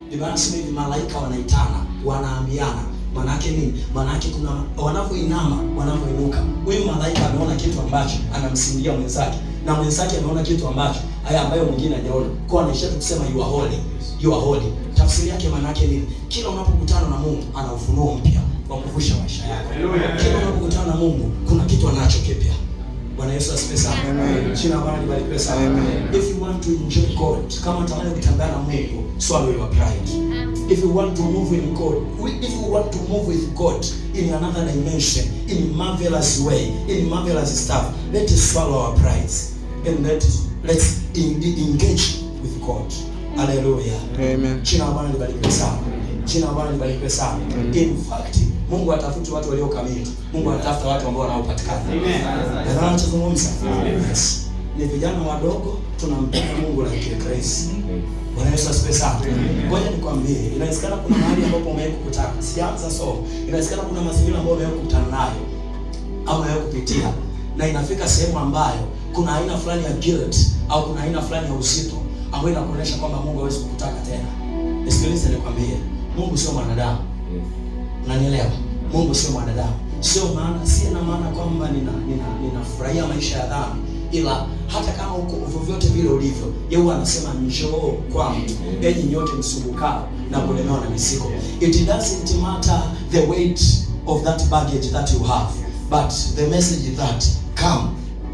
maana inasema hivi, malaika wanaitana, wanaambiana. Maana yake nini? Maana yake kuna wanapoinama, wanapoinuka. Huyu malaika ameona kitu ambacho anamsindia mwenzake na mwenzake ameona kitu ambacho haya ambayo mwingine hajaona. Kwa anaisha kusema you are holy, you are holy. Tafsiri yake maana yake nini? Kila unapokutana na Mungu ana ufunuo mpya wa kuvusha maisha yako. Kila unapokutana na Mungu kuna kitu anacho kipya. Bwana Yesu asifiwe sana. Jina Bwana libarikiwe sana. If you want to enjoy God, kama utamani kutembea na Mungu, swallow your pride. If you want to move in God, if you want to move with God in another dimension, in marvelous way, in marvelous stuff, let us swallow our prides and let let's engage with God. Hallelujah. Amen. Jina Bwana libarikiwe sana. Jina Bwana libarikiwe sana. In fact, Mungu atafuti watu walio kamili. Mungu anatafuta watu ambao wanaopatikana. Amen. Ndio Tunazungumza. Ni vijana wadogo tunampenda Mungu la Kikristo. Bwana Yesu asifiwe sana. Ngoja nikwambie, inawezekana kuna mahali ambapo umewahi kukutana. Sianza so. Inawezekana kuna mazingira ambayo umewahi kukutana nayo au umewahi kupitia na inafika sehemu ambayo kuna aina fulani ya guilt au kuna aina fulani ya usito ambayo inakuonesha kwamba Mungu hawezi kukutaka tena. Nisikilize nikwambie, Mungu sio mwanadamu. Unanielewa? Mungu sio mwanadamu. Sio maana si na maana kwamba nina ninafurahia nina maisha ya dhambi, ila hata kama uko vyovyote vile ulivyo, yeye anasema njoo kwangu enyi nyote msumbukao na kulemewa na mizigo. It doesn't matter the weight of that baggage that you have, but the message that come,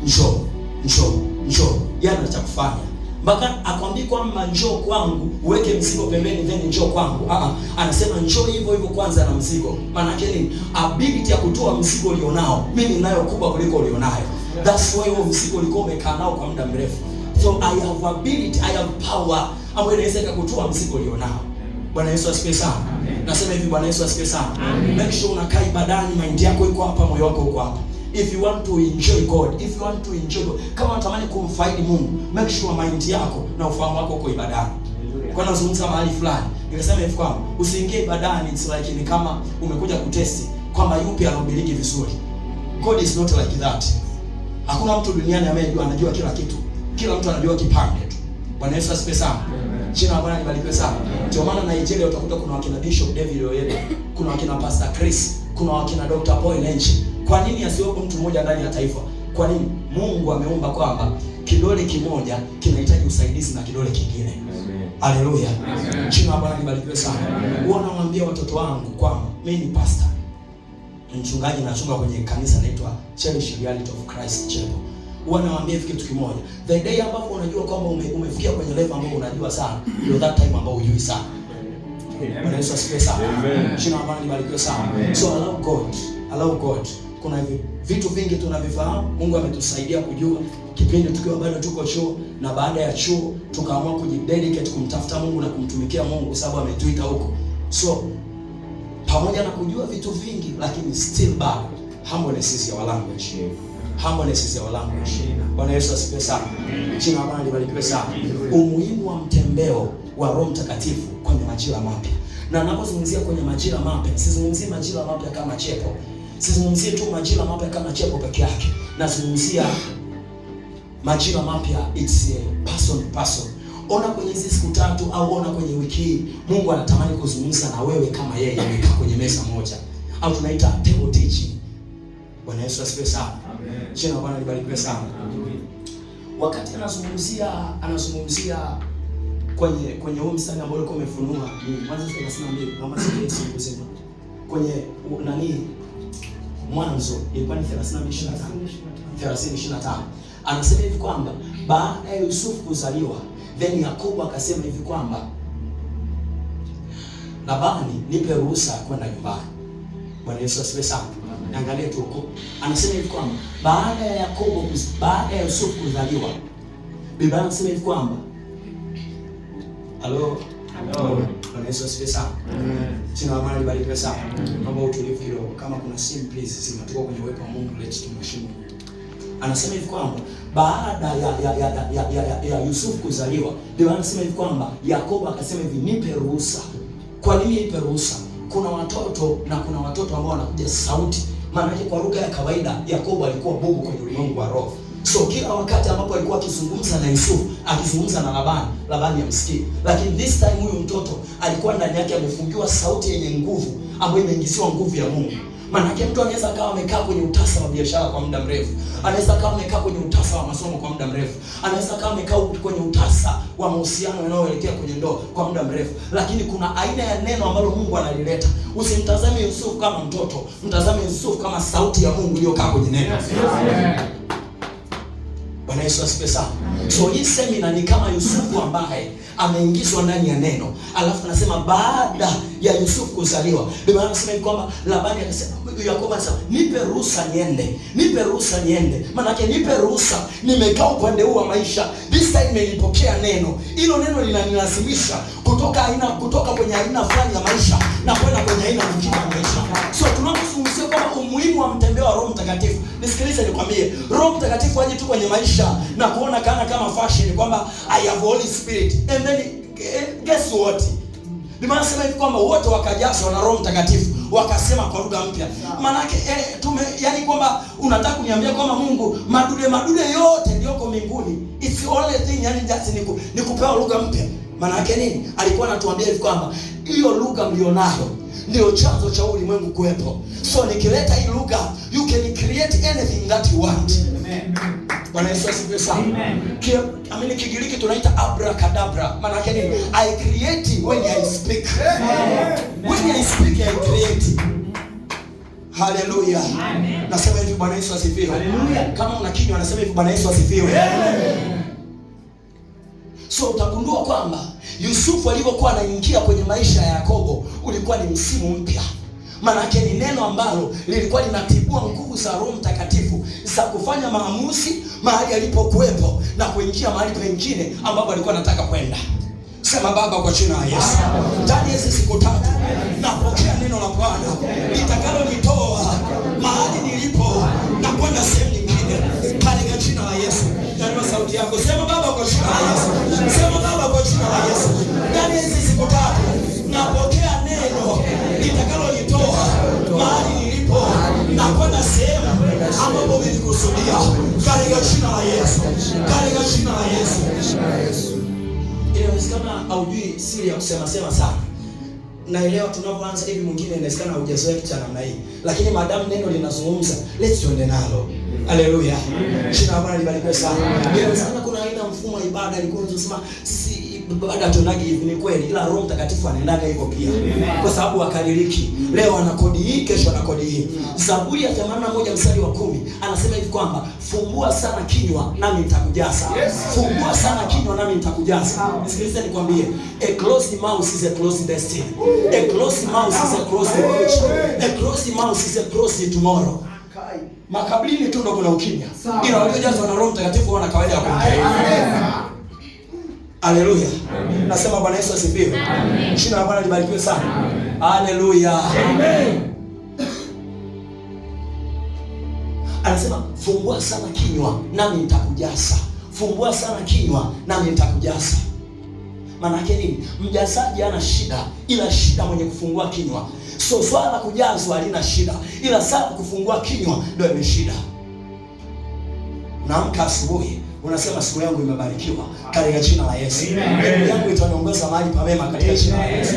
njoo njoo njoo, yana cha kufanya mpaka akwambie kwamba njoo kwangu uweke mzigo pembeni then njoo kwangu. Ah ah, anasema njoo hivyo hivyo kwanza na mzigo. Maana yake nini? Ability ya kutoa mzigo ulionao, mimi ninayo kubwa kuliko ulionayo. That's why huo mzigo ulikuwa umekaa nao kwa muda mrefu. So I have ability, I have power ambayo inaweza ikakutoa mzigo ulionao. Bwana Yesu asifiwe sana. Nasema hivi, Bwana Yesu asifiwe sana. Make sure unakaa ibadani, mind yako iko hapa, moyo wako uko hapa if you want to enjoy God, if you want to enjoy God, kama unatamani kumfaidi Mungu, make sure mind yako na ufahamu wako uko ibadani. Kwa nazungumza mahali fulani nikasema hivi kwamba usiingie ibadani, it's like ni kama umekuja kutesti kwamba yupi anahubiriki vizuri. God is not like that. Hakuna mtu duniani anayejua anajua kila kitu, kila mtu anajua kipande tu. Bwana Yesu asifiwe sana. Jina la Bwana libarikiwe sana. Ndio maana Nigeria utakuta kuna wakina Bishop David Oyede, kuna wakina Pastor Chris, kuna wakina Dr. Paul Lenchi, kwa nini asiwepo mtu mmoja ndani ya taifa? Kwa nini? Mungu ameumba kwamba kidole kimoja kinahitaji usaidizi na kidole kingine. Haleluya, jina Bwana libarikiwe sana. Huwa nawaambia watoto wangu kwamba mimi ni pastor, mchungaji, nachunga kwenye kanisa naitwa Church Reality of Christ Chapel. Huwa nawaambia hivi kitu kimoja, the day ambapo unajua kwamba ume, umefikia kwenye level ambayo unajua sana, ndio that time ambayo hujui sana. Bwana Yesu asifiwe sana. Jina Bwana libarikiwe sana. So allow God, allow God kuna vitu vingi tunavifahamu. Mungu ametusaidia kujua kipindi tukiwa bado tuko chuo na baada ya chuo tukaamua kujidedicate kumtafuta Mungu na kumtumikia Mungu kwa sababu ametuita huko. So pamoja na kujua vitu vingi, lakini still bad humbleness is your language. Humbleness is your language. Bwana Yesu asifiwe sana. Jina la Bwana libarikiwe sana. Umuhimu wa mtembeo wa Roho Mtakatifu kwenye majira mapya. Na ninapozungumzia kwenye majira mapya, sizungumzie majira mapya kama chepo sizungumzie tu majina mapya kama cheo peke yake, nazungumzia majina mapya, it's a person person. Ona kwenye hizi siku tatu au ona kwenye wiki hii, Mungu anatamani kuzungumza na wewe kama yeye amekaa kwenye meza moja, au tunaita table teaching. Bwana Yesu asifiwe sana, amen. Jina la Bwana libarikiwe sana, amen. Wakati anazungumzia anazungumzia kwenye kwenye huo mstari ambao ulikuwa umefunua mwanzo 32 kama sisi Yesu kusema kwenye nani Mwanzo ilikuwa ni 30:25. 30:25. Anasema hivi kwamba baada ya Yusufu kuzaliwa, then Yakobo akasema hivi kwamba Labani, nipe ruhusa kwenda nyumbani. Bwana Yesu asifiwe sana. Angalia tu huko. Anasema hivi kwamba baada ya Yakobo baada ya Yusufu kuzaliwa, Biblia inasema hivi kwamba Hello. Hello. Bwana Yesu asifiwe sana. Jina la Bwana libarikiwe sana. Naomba utulivu hilo. Kama kuna simu please, simu tuko kwenye uwepo wa Mungu, let's tumheshimu. Anasema hivi kwamba baada ya ya ya ya, ya, ya, ya Yusuf kuzaliwa, ndio anasema hivi kwamba Yakobo akasema hivi, nipe ruhusa. Kwa nini nipe ruhusa? Kuna watoto na kuna watoto ambao wanakuja sauti. Maana kwa lugha ya kawaida Yakobo alikuwa bubu kwenye ulimwengu wa roho. So kila wakati ambapo alikuwa akizungumza na Yusufu, akizungumza na Labani, Labani amsikii. Lakini this time huyu mtoto alikuwa ndani yake amefungiwa sauti yenye nguvu ambayo imeingiziwa nguvu ya Mungu. Maanake mtu anaweza kawa amekaa kwenye utasa wa biashara kwa muda mrefu, anaweza kawa amekaa kwenye utasa wa masomo kwa muda mrefu, anaweza kawa amekaa kwenye utasa wa mahusiano yanayoelekea kwenye ndoa kwa muda mrefu, lakini kuna aina ya neno ambalo Mungu analileta. Usimtazame Yusufu kama mtoto, mtazame Yusufu kama sauti ya Mungu iliyokaa kwenye neno. Yes, yes, yes. Bwana Yesu asifiwe sana. So hii semina ni kama Yusufu ambaye ameingizwa ndani ya neno, alafu anasema baada ya Yusufu kuzaliwa, Biblia inasema kwamba Labani akasema, Yakobo anasema nipe ruhusa niende, nipe ruhusa niende. Maana yake nipe ruhusa, nimekaa upande huu wa maisha, this time nilipokea neno, hilo neno linanilazimisha kutoka aina, kutoka kwenye aina fulani ya maisha na kwenda kwenye aina nyingine ya maisha, so tunapo usigusio kwamba umuhimu wa mtembea wa Roho Mtakatifu. Nisikilize nikwambie, Roho Mtakatifu aje tu kwenye maisha na kuona kana kama fashion kwamba I have Holy Spirit and then eh, guess what sema hivi kwamba wote wakajazwa na Roho Mtakatifu wakasema kwa lugha mpya. Maana yake eh, tume yani kwamba unataka kuniambia kwamba Mungu madude madude yote yaliyoko mbinguni it's only thing yani just niku, nikupewa lugha mpya. Maana yake nini? Alikuwa anatuambia hivi kwamba hiyo lugha mlionayo ndio chanzo cha ulimwengu kuwepo. So nikileta hii lugha, you can create anything that you want. Amen. Bwana Yesu asifiwe sana. Amini Kigiriki tunaita abracadabra. Maana yake nini? I create when I speak. Amen. When I speak I create. Haleluya. Amen. Nasema hivi Bwana Yesu asifiwe. Haleluya. Kama una kinywa nasema hivi Bwana Yesu asifiwe. Amen. So utagundua kwamba Yusufu alivyokuwa anaingia kwenye maisha ya Yakobo ulikuwa ni msimu mpya. Maanake ni neno ambalo lilikuwa linatibua nguvu za Roho Mtakatifu za kufanya maamuzi mahali alipokuwepo na kuingia mahali pengine ambapo alikuwa anataka kwenda. Sema Baba, kwa jina la Yesu, ndani ya hizi siku tatu napokea neno la Bwana litakalonitoa mahali nilipo na kwenda sehemu nyingine, katika jina la Yesu. Tanua sauti yako, sema Baba kwa jina la Yesu. Sema Baba, kwa jina la Yesu, ndani hizi siku tatu napokea neno litakalonitoa mahali nilipo na kwenda sehemu ambapo nilikusudia, katika jina la Yesu, katika jina la Yesu. Inawezekana haujui siri ya kusema sema sana naelewa tunapoanza hivi, mwingine inawezekana hujazoea kitu cha namna hii, lakini maadamu neno linazungumza, let's tuende nalo. Haleluya, jina la Bwana libarikiwe sana. Inawezekana kuna aina mfumo wa ibada ilikuwa tunasema sisi ibada tunaji hivi, ni kweli, ila Roho Mtakatifu anaendaga hivyo pia, kwa sababu wakadiriki leo ana kodi hii, kesho ana kodi hii. Mm. Zaburi ya 81 mstari wa kumi anasema hivi kwamba fungua sana kinywa nami nitakujaza. Fungua sana kinywa nami nitakujaza. Nisikilize nikwambie, a closed mouth is a closed destiny, a closed mouth is a closed future, a closed mouth is a closed tomorrow makaburini tu ndo kuna ukimya, ila waliojazwa na Roho Mtakatifu wana kawaida ya kuongea. Haleluya, nasema Bwana Yesu asifiwe. Jina la Bwana libarikiwe sana. Haleluya, anasema fungua sana kinywa nami nitakujaza, fungua sana kinywa nami nitakujaza. Maana yake nini? Mjazaji ana shida, ila shida mwenye kufungua kinywa. So swala kujazwa halina shida, ila saa kufungua kinywa ndio ime shida. Naamka asubuhi unasema siku yangu imebarikiwa katika jina la Yesu. Siku yangu itaniongoza mahali pa pamema katika jina la Yesu.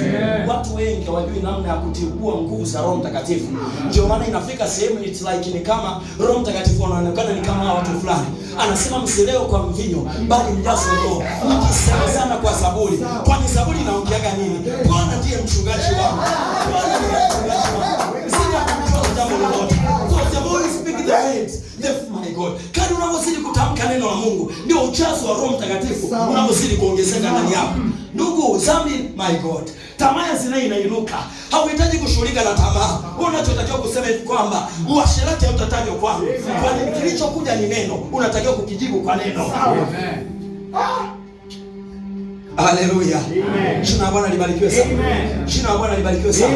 Watu wengi hawajui namna ya kutibua nguvu za Roho Mtakatifu, ndio maana inafika sehemu it's like ni kama Roho Mtakatifu anaonekana ni kama watu fulani, anasema msileo kwa mvinyo, bali mjazwe Roho, mkisema sana kwa zaburi. Kwani zaburi inaongeaga nini? Bwana ndiye mchungaji wangu, Bwana ndiye mchungaji wangu, sina sitakutoa jambo lolote. So the Holy Spirit the my God Kadri yaani unavyozidi kutamka neno la Mungu, ndio ujazo wa Roho Mtakatifu unavyozidi kuongezeka ndani yako. Ndugu zami, my God, tamaa zina zinaa inainuka. Hauhitaji kushughulika na tamaa. Unachotakiwa kusema hivi kwamba uasherati hautatajwa kwangu, kwani kilichokuja ni neno. Unatakiwa kukijibu kwa neno. Ah! Haleluya. Jina la Bwana libarikiwe sana. Jina la Bwana libarikiwe sana.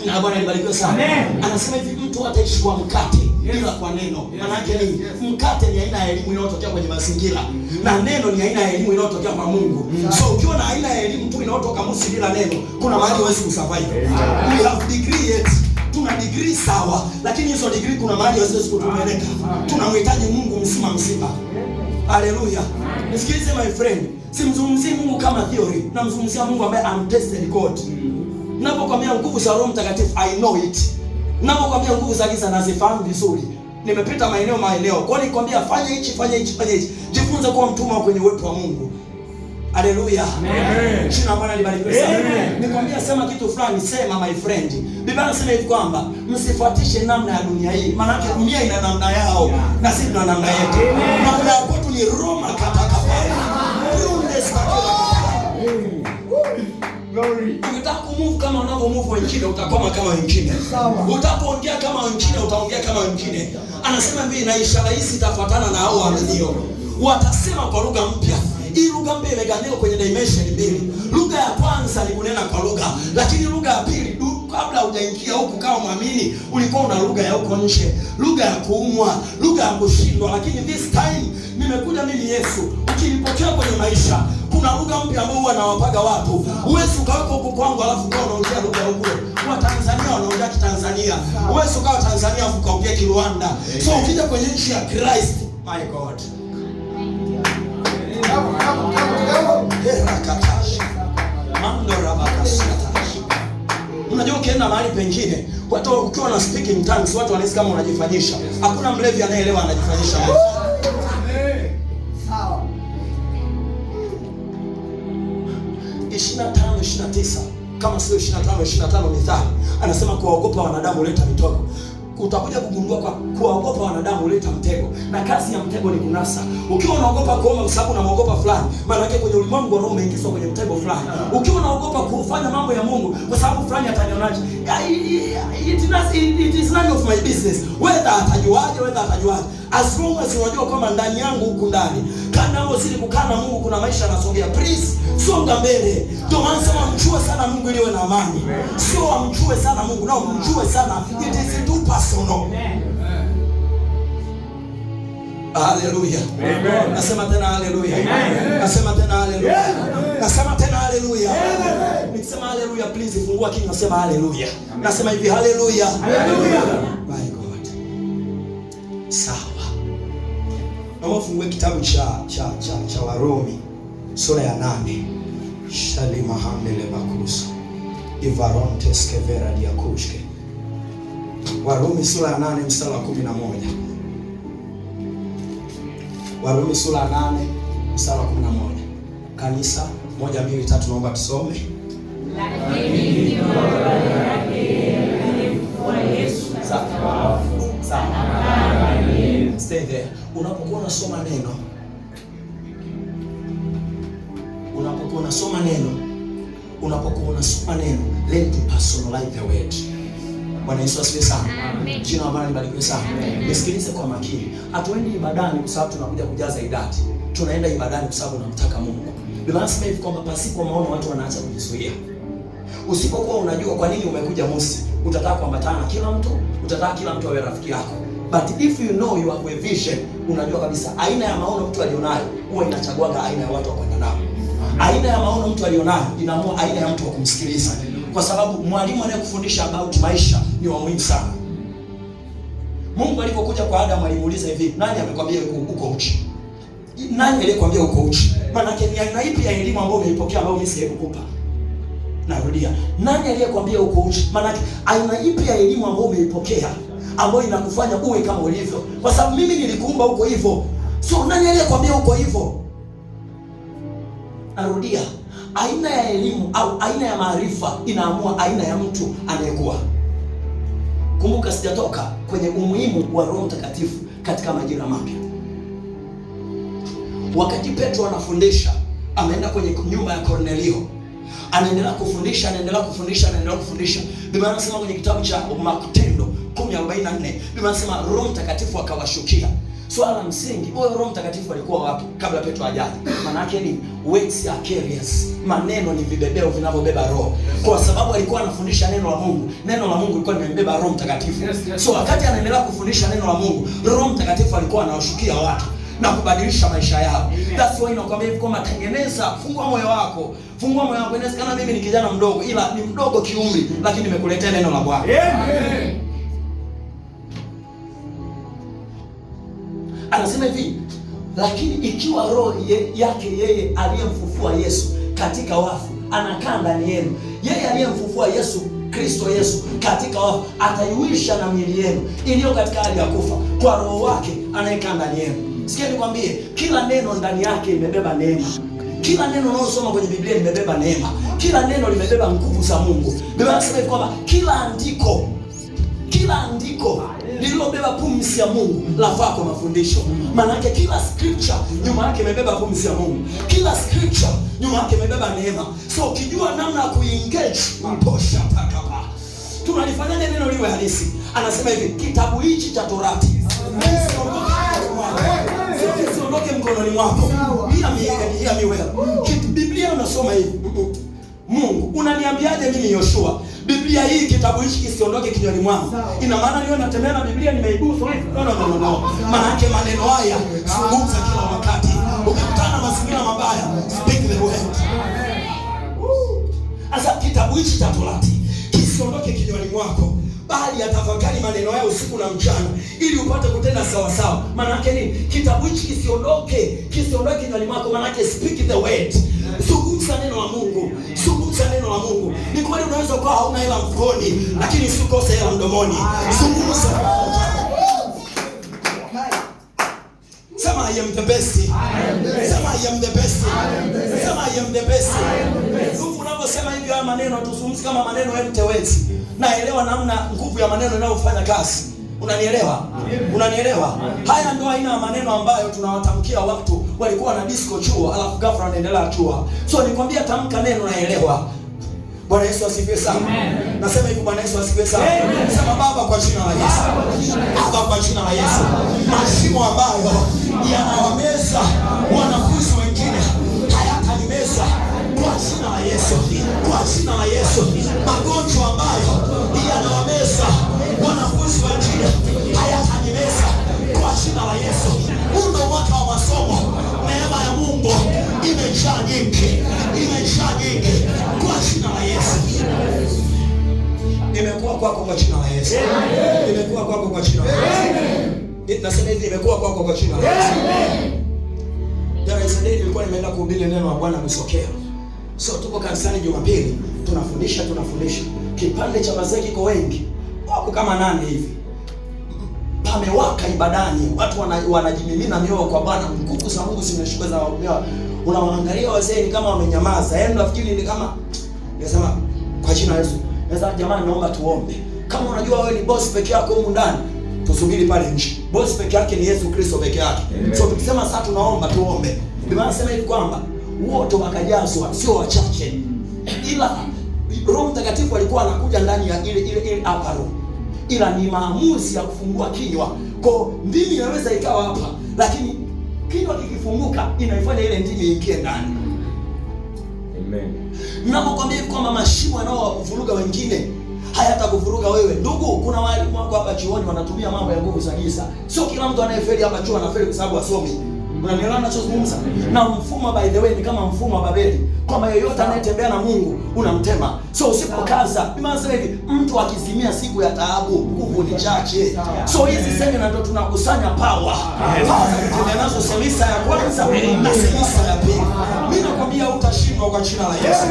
Jina la Bwana libarikiwe sana. Anasema hivi, mtu hataishi kwa mkate bila kwa neno. Maana yake ni mkate ni aina ya elimu inayotokea kwenye mazingira na mm-hmm. neno ni aina ya elimu inayotokea kwa Mungu. Mm-hmm. So ukiwa na aina ya elimu tu inayotoka Musi bila neno, kuna mahali huwezi kusurvive. We have degree yet tuna degree sawa, lakini hizo degree kuna mahali haziwezi kutumeleka. Tunamhitaji Mungu mzima mzima. Haleluya! Nisikilize my friend, simzungumzie Mungu kama theory, namzungumzia Mungu ambaye I'm tested God. Mm-hmm. Napokwambia nguvu za Roho Mtakatifu, I know it Ninapokuambia nguvu za giza nazifahamu vizuri, nimepita maeneo maeneo. Kwa hiyo nikwambia, fanya hichi, fanya hichi, fanya hichi, jifunze kuwa mtumwa kwenye uwepo wa Mungu. Haleluya, jina la Bwana libarikiwe sana. Nikwambia, sema kitu fulani, sema my friend. Biblia inasema hivi kwamba msifuatishe namna ya dunia hii, maana dunia ina namna yao na sisi tuna namna yetu. Namna ya kwetu ni Roma kata Ukitaka kumove kama unavyomove wengine, utakwama kama wengine. Utapoongea kama wengine, utaongea kama wengine. Anasema hivi, na ishara hizi itafuatana na hao waaminio, watasema kwa lugha mpya. Hii lugha mpya imegawanyika kwenye dimension mbili. Lugha ya kwanza ni kunena kwa lugha, lakini lugha ya pili kabla hujaingia huku kama mwamini ulikuwa una lugha ya huko nje, lugha ya kuumwa, lugha ya kushindwa. Lakini this time nimekuja mimi Yesu, ukinipokea kwenye maisha kuna lugha mpya ambayo huwa nawapaga watu. Huwezi ukaweka huku kwangu alafu kwa unaongea lugha huko. Kwa Tanzania wanaongea Kitanzania. Huwezi ukawa Tanzania afu kaongea Kirwanda. So ukija kwenye nchi ya Christ, my God. Unajua ukienda mahali pengine, watu ukiwa na speaking tongues, watu wanahisi kama unajifanyisha. Hakuna mlevi anayeelewa anajifanyisha. sio 25 25 Mithali anasema kuwaogopa wanadamu huleta mitego. Utakuja kugundua kwa kuwaogopa wanadamu huleta mtego, na kazi ya mtego ni kunasa. Ukiwa unaogopa kuomba kwa sababu unamuogopa fulani, maana yake kwenye ulimwengu wa roho umeingizwa kwenye mtego fulani. Ukiwa unaogopa kufanya mambo ya Mungu kwa sababu fulani atanionaje, it is none of my business, whether atajuaje, whether atajuaje as long as unajua kwamba ndani yangu huku ndani kana kanaozidi kukaa na Mungu kuna maisha yanasogea. Please songa mbele. Ndio maana sema mjue sana Mungu ili uwe na amani, sio amjue sana Mungu na mjue sana it is too personal. Haleluya. Nasema tena haleluya. Nasema tena haleluya. Nasema tena haleluya. Nikisema haleluya, please fungua kinywa nasema haleluya. Nasema hivi haleluya. Haleluya. By God. Sawa naomba ufungue kitabu cha cha cha, cha Warumi sura ya nane Shali mahamele Ivaronte shalimahamelebakusa ivaronteskeverayakushke Warumi sura ya nane mstari wa kumi na moja Warumi sura ya nane mstari wa kumi na moja Kanisa moja mbili tatu, naomba tusome. Lakini Yesu stay there unapokuwa unasoma neno, unapokuwa unasoma neno, unapokuwa unasoma neno, learn to personalize the word. Bwana Yesu asifiwe sana. Amen. Jina la Bwana libarikiwe sana. Nisikilize kwa makini. Hatuendi ibadani kwa sababu tunakuja kujaza idadi. Tunaenda ibadani kwa sababu tunamtaka Mungu. Biblia inasema hivi kwamba pasipo maono watu wanaacha kujizuia. Usipokuwa unajua kwa nini umekuja Musi, utataka kuambatana na kila mtu, utataka kila mtu awe rafiki yako. But if you know you have a vision, unajua kabisa aina ya maono mtu alionayo huwa inachaguaga aina ya watu wa kwenda nao. Aina ya maono mtu alionayo inaamua aina ya mtu wa kumsikiliza, kwa sababu mwalimu anayekufundisha about maisha ni wa muhimu sana. Mungu alipokuja kwa Adamu alimuuliza hivi, nani amekwambia uko uchi? Nani aliyekwambia uko uchi? Maanake ni aina ipi ya elimu ambayo umeipokea ambayo mimi sikukupa? Narudia, nani aliyekwambia uko uchi? Maanake aina ipi ya elimu ambayo umeipokea ambayo inakufanya uwe kama ulivyo, kwa sababu mimi nilikuumba huko hivyo. Sio nani aliyekwambia huko hivyo? Narudia, aina ya elimu au aina ya maarifa inaamua aina ya mtu anayekuwa. Kumbuka, sijatoka kwenye umuhimu wa Roho Mtakatifu katika majira mapya. Wakati Petro anafundisha, ameenda kwenye nyumba ya Kornelio, anaendelea kufundisha, anaendelea kufundisha, anaendelea kufundisha. Biblia inasema kwenye kitabu cha Matendo 10:44 Biblia inasema Roho Mtakatifu akawashukia. Swala la msingi, huyo Roho Mtakatifu alikuwa wapi kabla Petro ajaje? Maana yake ni words are carriers. Maneno ni vibebeo vinavyobeba Roho, kwa sababu alikuwa anafundisha neno la Mungu. Neno la Mungu lilikuwa limembeba Roho Mtakatifu. So wakati anaendelea kufundisha neno la Mungu, Roho Mtakatifu alikuwa anawashukia watu na kubadilisha maisha yao. That's why inakwambia hivi kwamba tengeneza, fungua moyo wako, fungua moyo wako. Inawezekana mimi ni kijana mdogo, ila ni mdogo kiumri, lakini nimekuletea neno la Bwana. Amen. anasema hivi, lakini ikiwa roho ye, yake yeye aliyemfufua Yesu katika wafu anakaa ndani yenu, yeye aliyemfufua Yesu Kristo Yesu katika wafu ataiuisha na miili yenu iliyo katika hali ya kufa kwa roho wake anayekaa ndani yenu. Sikia nikwambie, kila neno ndani yake imebeba neema. Kila neno unalosoma kwenye Biblia limebeba neema. Kila neno limebeba nguvu za Mungu. Biblia inasema kwamba kila andiko, kila andiko lililobeba pumzi ya Mungu lafaa kwa mafundisho. Maana yake kila scripture nyuma yake imebeba pumzi ya Mungu, kila scripture nyuma yake imebeba neema. So ukijua namna ya kuengage mtosha takapa. Tunalifanyaje neno liwe halisi? Anasema hivi, kitabu hichi cha Torati siondoke mkononi mwako, ila miwea Biblia unasoma hivi, Mungu unaniambiaje mimi Yoshua Biblia hii kitabu hichi kisiondoke kinywani mwangu. Ina maana leo natembea na Biblia nimeibusu. No, no, no, no. Maana yake maneno haya zungumza kila wakati. Ukikutana mazingira mabaya, speak the word. Asa kitabu hichi cha Torati kisiondoke kinywani mwako, bali atafakari maneno haya usiku na mchana ili upate kutenda sawa sawa. Maana yake ni Kitabu hichi kisiondoke, kisiondoke kinywani mwako, maana yake speak the word zungumza neno la Mungu, zungumza neno la Mungu. Ni kweli unaweza ukawa hauna hela mfukoni, lakini usikose hela mdomoni. Zungumza, sema I am the best, sema I am the best, sema I am the best. Ndugu, unaposema hivi haya maneno, tuzungumzi kama maneno ya mtewezi. Naelewa namna nguvu ya maneno inayofanya kazi. Unanielewa? Unanielewa? Haya ndio aina ya maneno ambayo tunawatamkia watu walikuwa na disco chuo, alafu ghafla anaendelea chua. So nikwambia, tamka neno naelewa. Bwana Yesu asifiwe sana. Nasema hivi, Bwana Yesu asifiwe sana. Sema Baba, kwa jina la Yesu. Baba, kwa jina la Yesu, mashimo ambayo yanawameza wanafunzi wengine hayatanimeza kwa jina la Yesu, kwa jina la Yesu, magonjwa ambayo yanawameza wanafunzi wengine hayatanimeza kwa jina la Yesu. nyingi, imeisha nyingi kwa jina la Yesu. Nimekuwa kwako kwa jina la Yesu. Nimekuwa kwako kwa jina la Yesu. Nasema hivi, nimekuwa kwako kwa jina la Yesu. Jana Sunday nilikuwa nimeenda kuhubiri neno la Bwana Misokea. So tuko kanisani Jumapili, tunafundisha tunafundisha. Kipande cha mazee kiko wengi. Wako kama nane hivi. Pamewaka ibadani, watu wanajimimina wana mioyo kwa Bwana, nguvu za Mungu zimeshuka za waumini unawaangalia wazee ni kama wamenyamaza, yaani nafikiri ni kama nasema kwa jina Yesu, Sasa jamani, naomba tuombe. Kama unajua wewe ni boss peke yako huko ndani, tusubiri pale nje. Boss peke yake ni Yesu Kristo peke yake. So tukisema sasa tunaomba tuombe, Biblia inasema hivi kwamba wote wakajazwa, sio wachache, ila Roho Mtakatifu alikuwa anakuja ndani ya ile ile ile hapa roho. ila ni maamuzi ya kufungua kinywa. Kwa mimi naweza ikawa hapa, lakini kinywa kikifunguka inaifanya ile ndimi iingie ndani. Amen. Ninapokwambia hivi kwamba mashimo yanayowavuruga wengine hayatakuvuruga wewe. Ndugu, kuna walimu wako hapa chuoni wanatumia mambo ya nguvu za giza. Sio kila mtu anayefeli hapa chuo anafeli kwa sababu asomi. Unanielewa ninachozungumza? Na mfumo by the way ni kama mfumo wa Babeli, kwamba yeyote anayetembea na Mungu unamtema. So usipokaza, nimeanza hivi, mtu akizimia siku ya taabu, nguvu ni chache. So hizi semina ndio tunakusanya power, power tunatembea nazo, semisa ya kwanza na semisa ya pili. Mimi nakwambia, utashindwa kwa jina la Yesu,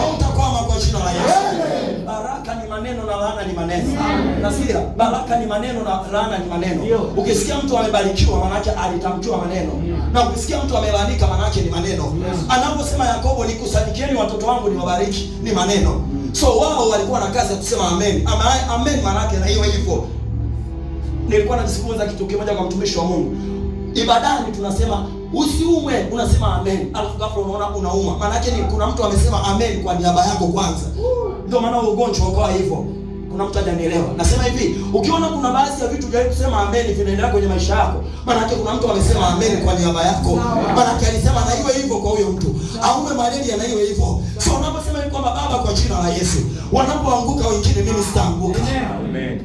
hautakwama kwa jina la Yesu maneno na laana ni maneno. Nasikia baraka ni maneno na laana ni maneno. Ukisikia mtu amebarikiwa, maana yake alitamkiwa maneno, mm. na ukisikia mtu amelaanika, maana yake ni maneno. Anaposema Yakobo, nikusadikieni watoto wangu niwabariki, ni maneno. Mm. So wao walikuwa na kazi ya kusema amen, ama amen maana yake na hiyo hivyo. Nilikuwa najifunza kitu kimoja kwa mtumishi wa Mungu, ibadani tunasema usiumwe, unasema amen, alafu ghafla unaona unauma. Maana yake ni kuna mtu amesema amen kwa niaba yako kwanza ndio maana ugonjwa ukawa hivyo. Kuna mtu ajanielewa, Nasema hivi, ukiona kuna baadhi ya vitu vya kusema ameni vinaendelea kwenye maisha yako, maana yake kuna mtu amesema ameni kwa niaba yako. Maana yake alisema na iwe hivyo kwa huyo mtu. Aume malaria na iwe hivyo. So unaposema hivi kwamba Baba, kwa jina la Yesu, wanapoanguka wengine, mimi sitaanguka. Amen.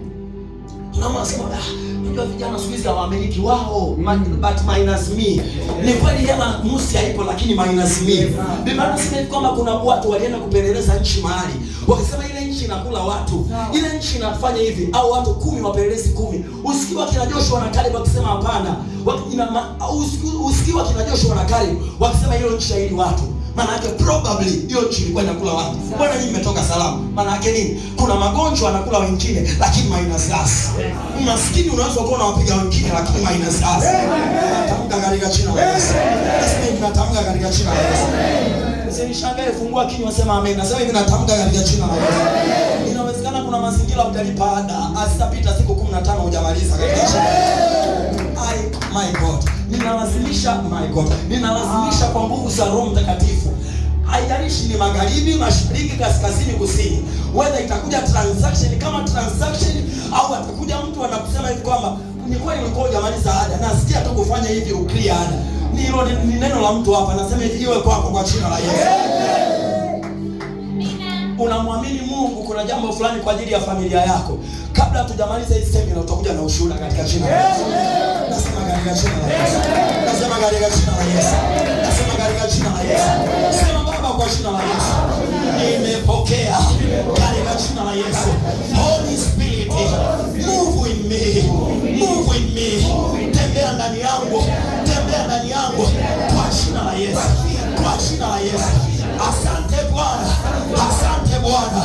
Tunaona ah unajua vijana siku hizi hawamiliki wao but minus me ni kweli hela nusu haipo, lakini minus me yeah. Biblia inasema kwamba kuna watu walienda kupeleleza nchi mahali, wakisema ile nchi inakula watu ile nchi inafanya hivi, au watu kumi wapelelezi kumi. Usikiwa kina Joshua na Caleb wakisema hapana, usikiwa kina Joshua na Caleb wakisema hilo nchi haili watu maana yake probably hiyo nchi ilikuwa inakula watu. Mbona nyinyi mmetoka salama? Maana yake nini? Kuna magonjwa anakula wengine, lakini minus us. Umaskini unaweza kuwa unawapiga wengine, lakini minus us. Natamka katika jina la Yesu. Sisi tunatamka katika jina la Yesu. Usinishangae, fungua kinywa, sema amen. Nasema hivi, natamka katika jina la Yesu. Inawezekana kuna mazingira utalipa ada, asitapita siku 15 hujamaliza katika jina. I my God ninalazimisha my God, ninalazimisha kwa nguvu za Roho Mtakatifu. Haijalishi ni magharibi, mashariki, kaskazini, kusini, whether itakuja transaction kama transaction au atakuja mtu anakusema hivi kwamba ni kweli ulikuwa hujamaliza ada, nasikia tu kufanya hivi ukili ada. Ni hilo ni neno la mtu hapa, nasema hivi, iwe kwako kwa jina la Yesu. Unamwamini Mungu, kuna jambo fulani kwa ajili ya familia yako. Kabla hatujamaliza hii semina, utakuja na ushuhuda katika jina la Yesu katika jina la Yesu. Nasema katika jina la Yesu. Nasema katika jina la Yesu. Sema Baba kwa jina la Yesu. Nimepokea katika jina la Yesu. Holy Spirit, move in me. Move in me. Tembea ndani yangu. Tembea ndani yangu kwa jina la Yesu. Kwa jina la Yesu. Asante Bwana. Asante Bwana.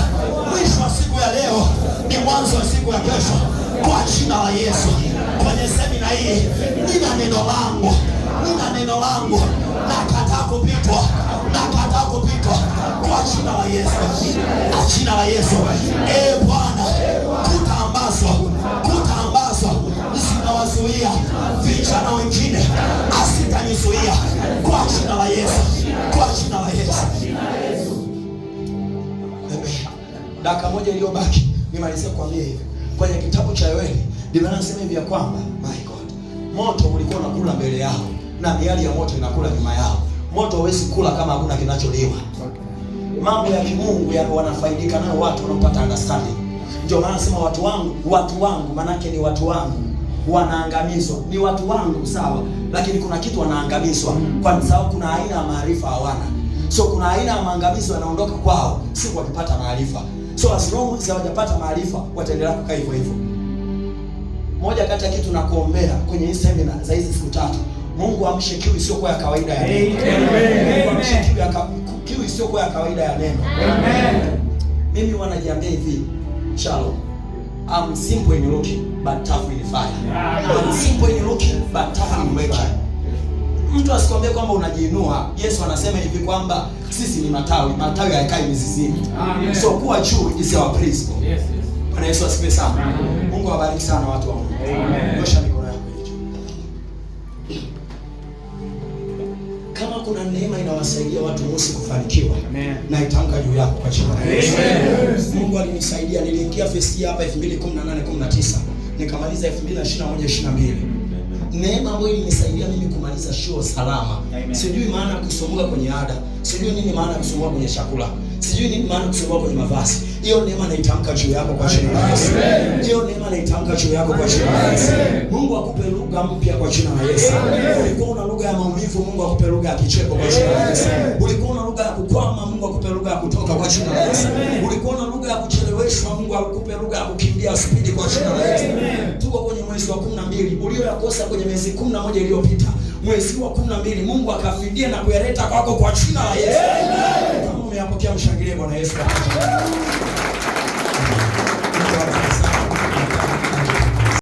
Mwisho wa siku ya leo ni mwanzo wa siku ya kesho kwa jina la Yesu. Kwenye na hili nina neno langu, nina neno langu, nakataa kupitwa, nakataa kupitwa kwa jina la Yesu, kwa jina la Yesu. E Bwana, kutaambazwa, kutaambazwa zinawazuia vijana wengine, asitanizuia kwa jina la Yesu, kwa jina la Yesu. Dakika moja iliyobaki nimalizie kuambia hivi kwenye kitabu cha Yoeli Biblia inasema hivi ya kwamba moto ulikuwa unakula mbele yao na miali ya moto inakula nyuma yao. Moto hawezi kula kama hakuna kinacholiwa. Mambo ya kimungu ya wanafaidika nayo watu wanaopata understanding. Ndio maana nasema watu wangu, watu wangu manake ni watu wangu wanaangamizwa, ni watu wangu sawa, lakini kuna kitu wanaangamizwa, kwa sababu kuna aina ya maarifa hawana. So kuna aina ya maangamizo yanaondoka kwao si kwa kupata maarifa. So as long as hawajapata maarifa wataendelea kukaa hivyo hivyo moja kati ya kitu nakuombea kwenye hii semina za hizi siku tatu, Mungu amshe kiu isiyokuwa ya kawaida ya neno. Mungu amshe kiu isiyokuwa ya kawaida ya neno. Mimi wanajiambia hivi, Shalom, I'm simple in looking but tough in fire. I'm simple in looking but tough in fire. Mtu asikwambie kwamba unajiinua. Yesu anasema hivi kwamba sisi ni matawi, matawi hayakai mizizini. So kuwa juu is our principle. Yes, yes. Bwana Yesu asifiwe sana. Mungu awabariki sana watu wa Mungu. Nyosha mikono yako kama kuna neema inawasaidia watu Mosi kufanikiwa na itamka juu yako kwa jina la Yesu. Mungu alinisaidia, niliingia first year hapa 2018 19 nikamaliza 2021 22 neema ambayo ilinisaidia mimi kumaliza shuo salama. Sijui maana kusumbuka kwenye ada, sijui nini maana kusumbuka kwenye chakula Sijui nini maana kusumbua kwenye mavazi. Hiyo neema naitamka juu yako kwa jina la Yesu. Hiyo neema naitamka juu yako kwa jina la Yesu. Mungu akupe lugha mpya kwa jina la Yesu. Ulikuwa una lugha ya maumivu, Mungu akupe lugha ya kicheko kwa jina la Yesu. Ulikuwa una lugha ya kukwama, Mungu akupe lugha ya kutoka kwa jina la Yesu. Ulikuwa una lugha ya kucheleweshwa, Mungu akupe lugha ya kukimbia spidi kwa jina la Yesu. Tuko kwenye mwezi wa 12 ulioyakosa kwenye miezi 11 iliyopita. Mwezi wa 12 Mungu akafidia na kuyaleta kwako kwa jina la Yesu ameyapokea, mshangilie Bwana Yesu.